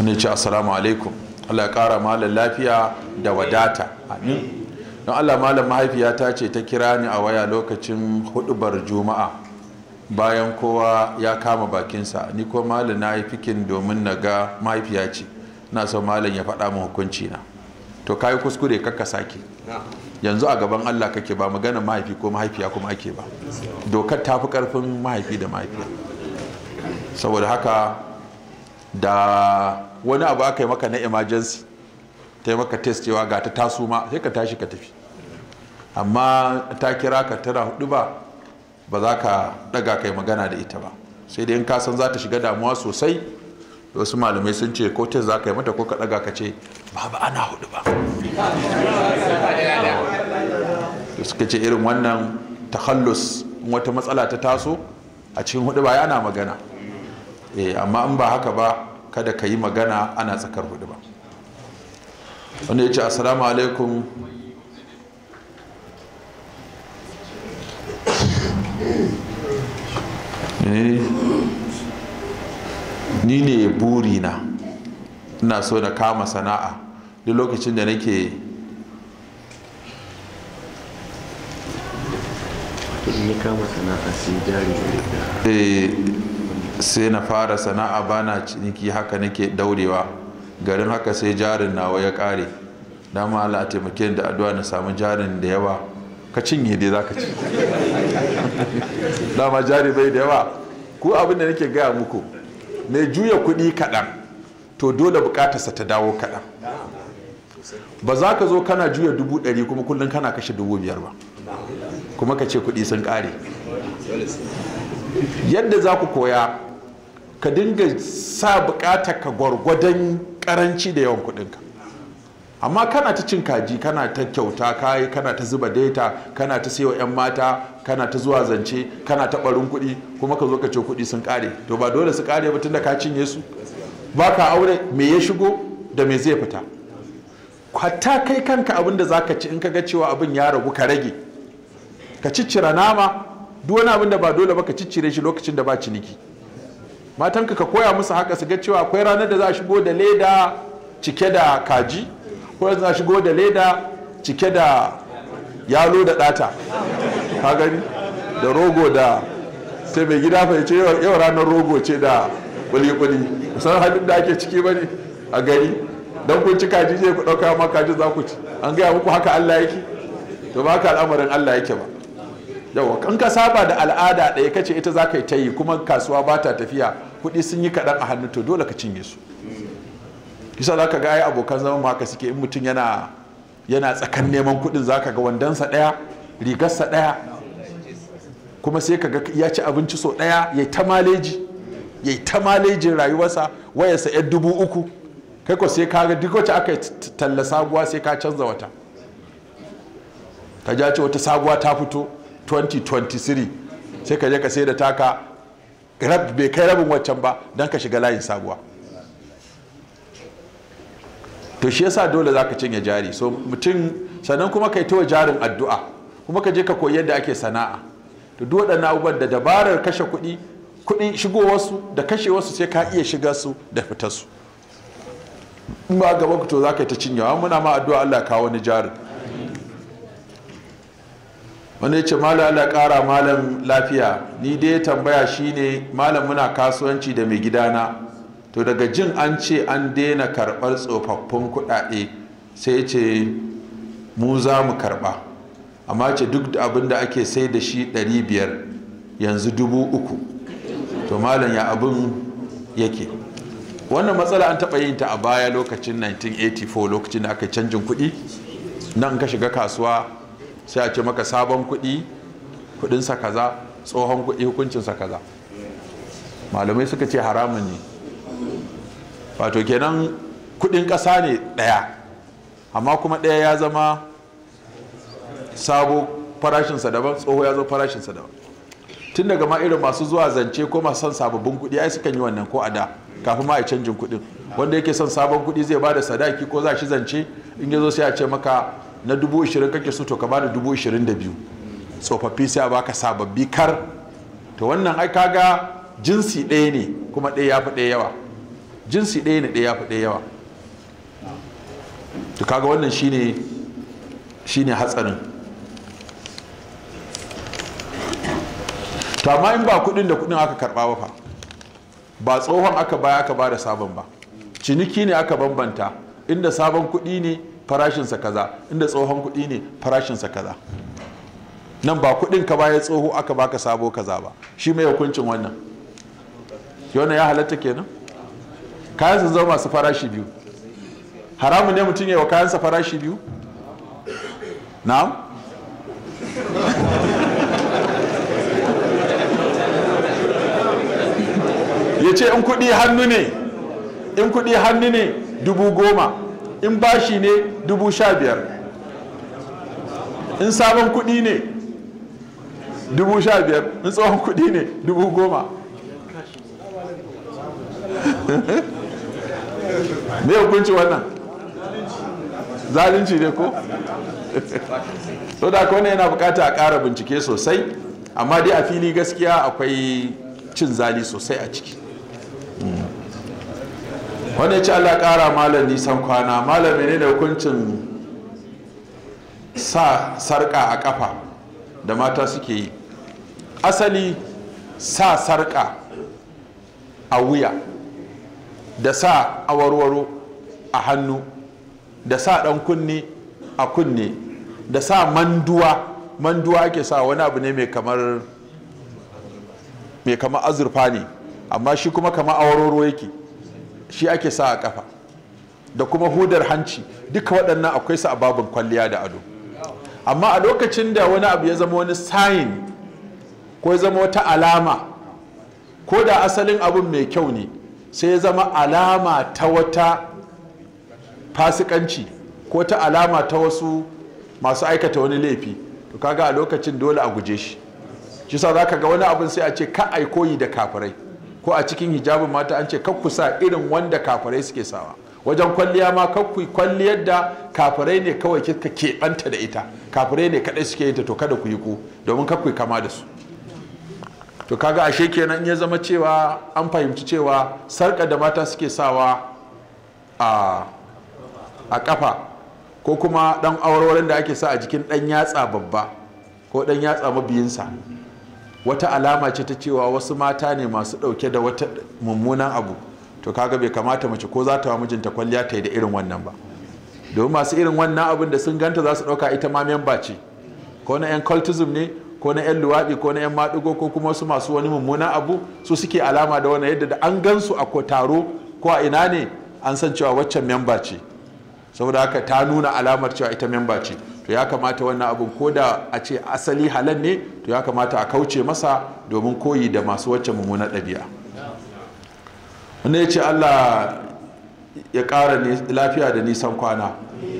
wani ce assalamu alaikum Allah ya kara malam lafiya da wadata amin don Allah malam mahaifiyata ce ta kira ni a waya lokacin hudubar juma'a bayan kowa ya kama bakinsa ni ko malam na yi fikin domin na ga mahaifiya ce na so malam ya faɗa min hukunci na to kayi kuskure kakka sake yanzu a gaban Allah kake ba magana mahaifi ko mahaifiya kuma ake ba dokar tafi karfin mahaifi da mahaifiya saboda haka da wani abu aka yi maka na emergency ta yi maka test cewa ga ta taso ma sai ka tashi ka tafi amma ta kira ka tana hudu ba ba za ka daga kai magana da ita ba sai da in ka san za ta shiga damuwa sosai wasu malamai sun ce ko test za ka yi mata ko ka daga ka ce babu ana hudu ba suka ce irin wannan tahallus wata matsala ta taso a cikin hudu ba ana magana eh, amma in ba haka ba kada ka yi magana ana tsakar hudu ba wanda ya ce assalamu alaikum eh, ni ne burina ina so na kama sana'a duk lokacin da nake kama sana'a sai jari sai na fara sana'a bana ciniki haka nake daurewa garin haka sai jarin nawa ya kare dama Allah a taimake da addu'a na samu jarin da yawa ka cinye dai zaka ci dama jari bai da yawa ku abin da nake gaya muku mai juya kuɗi kaɗan to dole bukatarsa ta dawo kaɗan ba za ka zo kana juya dubu ɗari kuma kullum kana kashe dubu biyar ba kuma ka ce kuɗi sun ƙare yadda za ku koya ka dinga sa bukatar ka gwargwadon karanci da yawan ka amma kana ta cin kaji kana ta kyauta kayi kana ta zuba data kana ta sayo 'yan mata kana ta zuwa zance kana ta barin kuɗi kuma ka zo ka ce kuɗi sun kare to ba dole su kare ba tun da ka cinye su ba ka aure me ya shigo da me zai fita hatta kai kanka abin da zaka ci in ka ga cewa abin ya ragu ka rage ka ciccira nama duk wani abin da ba dole ba ka ciccire shi lokacin da ba ciniki matanka ka koya musu haka su ga cewa akwai ranar da za a shigo da leda cike da kaji ko za a shigo da leda cike da yalo da ɗata ka gani da rogo da sai mai gida fa ce yau ranar rogo ce da kuli-kuli san halin da ake ciki bane a gari don kun ci kaji je ku ɗauka ma kaji za ku ci an gaya muku haka Allah yake to ba al'amarin Allah yake ba yawa kan ka saba da al'ada ɗaya kace ita za ka yi ta yi kuma kasuwa ba ta tafiya kuɗi sun yi kaɗan a hannu to dole ka cinye su kisa za ka ga ai abokan zaman maka suke in mutum yana yana tsakan neman kuɗin za ka ga wandonsa ɗaya rigarsa ɗaya kuma sai ka ga ya ci abinci sau ɗaya ya ta maleji ya ta malejin rayuwarsa wayarsa yar dubu uku kai ko sai ka ga duk wacce aka talla sabuwa sai ka canza wata ka ja ce wata sabuwa ta fito 2023 sai ka je ka sai da taka bai kai rabin waccan ba don ka shiga layin sabuwa to shi yasa dole za ka cinye jari so mutum sannan kuma kai ta jarin addu'a kuma ka je ka koyi yadda ake sana'a to duk waɗannan abubuwan da dabarar kashe kuɗi shigo shigowarsu da kashewarsu sai ka iya shiga su da fitar su in ba gaba to za ka yi ta cinyewa muna ma addu'a Allah kawo wani jarin wani ya ce malam ala kara malam lafiya ni dai tambaya shine malam muna kasuwanci da mai gidana to daga jin an ce an daina karɓar tsofaffin kuɗaɗe sai ce mu za mu karɓa amma ce duk da abin da ake sai da shi 500 yanzu dubu uku to malam ya abin yake wannan matsala an taɓa yin ta a baya lokacin 1984 lokacin da aka canjin kuɗi nan ka shiga kasuwa sai a ce maka sabon kuɗi kuɗinsa kaza tsohon kuɗi hukuncinsa kaza malamai suka ce haramun ne wato kenan kuɗin ƙasa ne ɗaya amma kuma ɗaya ya zama sabo farashinsa daban tsoho ya farashin farashinsa daban tun daga ma irin masu zuwa zance ko masu son sababbin kuɗi ai sukan yi wannan ko a da kafin ma a canjin kuɗin wanda yake son sabon kuɗi zai ba da sadaki ko za shi zance in ya zo sai a ce maka na dubu kake so to ka bada dubu da biyu tsofaffi sai a baka sababbi kar to wannan ai kaga jinsi ɗaya ne kuma ɗaya ya fi ɗaya yawa jinsi ɗaya ne ɗaya ya fi ɗaya yawa to kaga wannan shine shine hatsarin to amma in ba kuɗin da kuɗin aka karɓa ba fa ba tsohon aka baya aka bada sabon ba ciniki ne aka bambanta inda sabon kuɗi ne farashinsa kaza inda tsohon kuɗi ne farashinsa kaza nan ba kuɗin ka baya tsoho aka baka sabo kaza ba shi mai hukuncin wannan wannan ya halatta kenan kayan sun zama masu farashi biyu haramun ne mutum ya kayansa farashi biyu na'am ya ce in kuɗi hannu ne in kuɗi hannu ne dubu goma in bashi ne dubu sha biyar in sabon kudi ne dubu sha biyar in tsohon kudi ne dubu goma me hukunci wannan zalunci ne ko so da kone yana bukata a kara bincike sosai amma dai a fili gaskiya akwai cin zali sosai a ciki Wani ya ci allah ƙara malam nisan kwana malam ne da hukuncin sa sarƙa a ƙafa da mata suke yi asali sa sarƙa a wuya da sa awarwaro a hannu da sa ɗan kunne a kunne da sa manduwa manduwa ke sa wani abu ne mai kamar azurfa ne amma shi kuma kama awarwaro yake shi ake sa a kafa da kuma hudar hanci duka waɗannan akwai su a babin kwalliya da ado amma a lokacin da wani abu ya zama wani sayin ko ya zama wata alama ko da asalin abin mai kyau ne sai ya zama alama ta wata fasikanci ko ta alama ta wasu masu aikata wani laifi to kaga a lokacin dole a guje shi shi sa za ka ga wani abin sai a ce ka koyi da kafirai ko a cikin hijabin mata an ce kakku sa irin wanda kafirai suke sawa wajen kwalliya ma kakku kwalliyar da kafirai ne kawai kika keɓanta da ita kafirai ne kaɗai suke yi ta to kada ku yi ku domin kakku kama da su to kaga ashe kenan ya zama cewa an fahimci cewa sarƙa da mata suke sawa a a kafa ko kuma ɗan aurorin da ake sa a jikin ɗan yatsa babba ko ɗan yatsa mabiyinsa wata alama ce ta cewa wasu mata ne masu ɗauke da wata mummunan abu to kaga bai kamata mace ko za ta wa mijinta kwalliya ta yi da irin wannan ba domin masu irin wannan abin da sun ganta za su ɗauka ita ma memba ce ko na 'yan cultism ne ko na 'yan luwaɗi ko na 'yan maɗigo ko kuma su masu wani mummunan abu su suke alama da wani yadda da an gansu a taro ko a ina ne an san cewa waccan memba ce saboda haka ta nuna alamar cewa ita memba ce to ya kamata wannan abin ko da a ce asali halal ne to ya kamata a kauce masa domin koyi da masu wacce mummunar ɗabi'a wanda ya ce allah ya ƙara lafiya da nisan kwana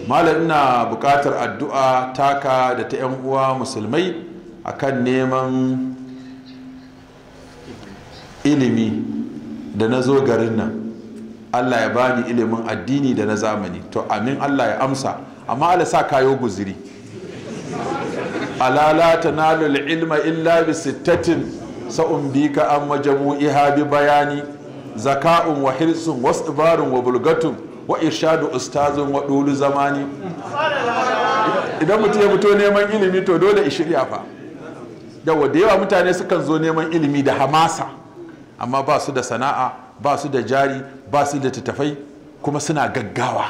malam ina buƙatar addu'a taka da ta 'yan uwa musulmai akan neman ilimi da na zo garin nan Allah ya bani ilimin addini da na zamani to amin Allah ya amsa amma ala sa kayo guziri alala nalul ilma illa bi sittatin sa'un bika an iha bi bayani zaka'un wa hirsun wa wa bulgatun wa irshadu ustazun wa dulu zamani idan mutum ya fito neman ilimi to dole i shirya fa yawa da yawa mutane sukan zo neman ilimi da hamasa amma ba su da sana'a ba su da jari ba su da tattafai kuma suna gaggawa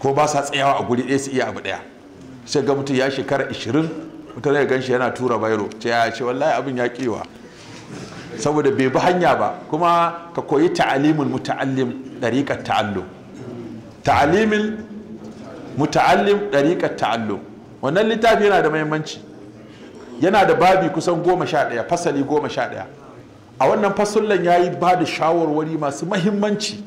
ko ba sa tsayawa a guri ɗaya su iya abu ɗaya sai ga mutum ya shekara 20 mutane ya ganshi yana tura bairo ce ya ce wallahi abin ya kewa saboda bai bi hanya ba kuma ka koyi ta'alimin muta'allim ɗariƙar ta'allu. ta'alimin muta'allim ɗariƙar ta'allu. wannan littafi yana da mahimmanci yana da babi kusan goma sha ɗaya fasali goma sha ɗaya a wannan fasullan ya yi ba da shawarwari masu mahimmanci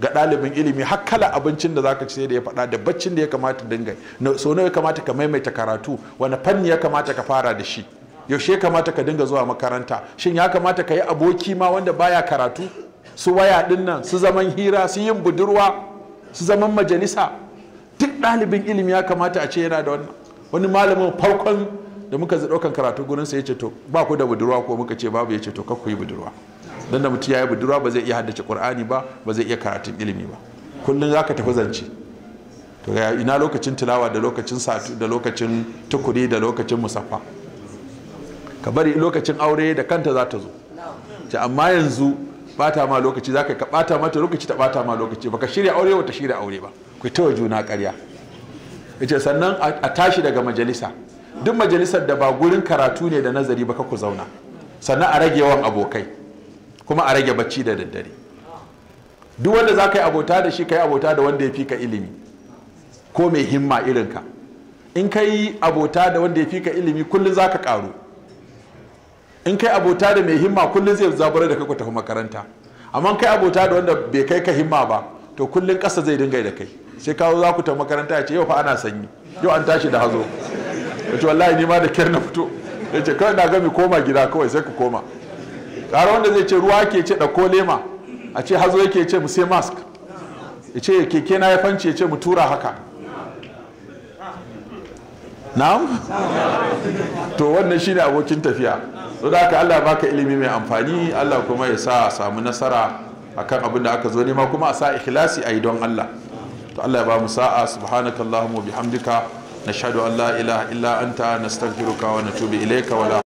ga ɗalibin ilimi har kala abincin da za ka da ya faɗa da baccin da ya kamata dinga so ne ya kamata ka maimaita karatu wani fanni ya kamata ka fara da shi yaushe ya kamata ka dinga zuwa makaranta shin ya kamata ka yi aboki ma wanda baya karatu su waya ɗin nan su zaman hira su yin budurwa su zaman majalisa duk ɗalibin ilimi ya kamata a ce yana da wannan wani malamin farkon da muka zo ɗaukan karatu gurin sa ya ce to ba ku da budurwa ko muka ce babu ya ce to kakku yi budurwa dan da mutum ya yi budurwa ba zai iya haddace qur'ani ba ba zai iya karatun ilimi ba kullum za ka tafi zance to ga ina lokacin tilawa da lokacin satu da lokacin tukuri da lokacin musaffa ka bari lokacin aure da kanta za ta zo ta amma yanzu bata ma lokaci za ka bata mata lokaci ta bata ma lokaci baka shirya aure ba ta shirya aure ba ku ta juna karya. yace sannan a tashi daga majalisa duk majalisar da ba gurin karatu ne da nazari ba ku zauna sannan a rage yawan abokai kuma a rage bacci da daddare duk wanda za ka yi abota da shi ka yi abota da wanda ya fi ka ilimi ko mai himma irinka in ka yi abota da wanda ya fi ka ilimi kullum za ka karu in kai abota da mai himma kullum zai zabura da kai ku tafi makaranta amma kai abota da wanda bai kai ka himma ba to kullum ƙasa zai dinga da kai sai kawo za ku tafi makaranta ya ce yau fa ana sanyi yau an tashi da hazo ya ce wallahi ni ma da kyar na fito ya ce kawai na gami koma gida kawai sai ku koma ƙara wanda zai ce ruwa ke ce ɗauko lema a ce hazo yake ce mu sai mask ya ce keke na ya fanci ya ce mu tura haka na'am to wannan shine abokin tafiya So da haka Allah baka ilimi mai amfani Allah kuma ya sa samu nasara akan abin da aka zo nema kuma a sa ikhlasi a yi don Allah to Allah ya ba mu sa'a subhanakallahumma bihamdika نشهد أن لا إله إلا أنت نستغفرك ونتوب إليك ولا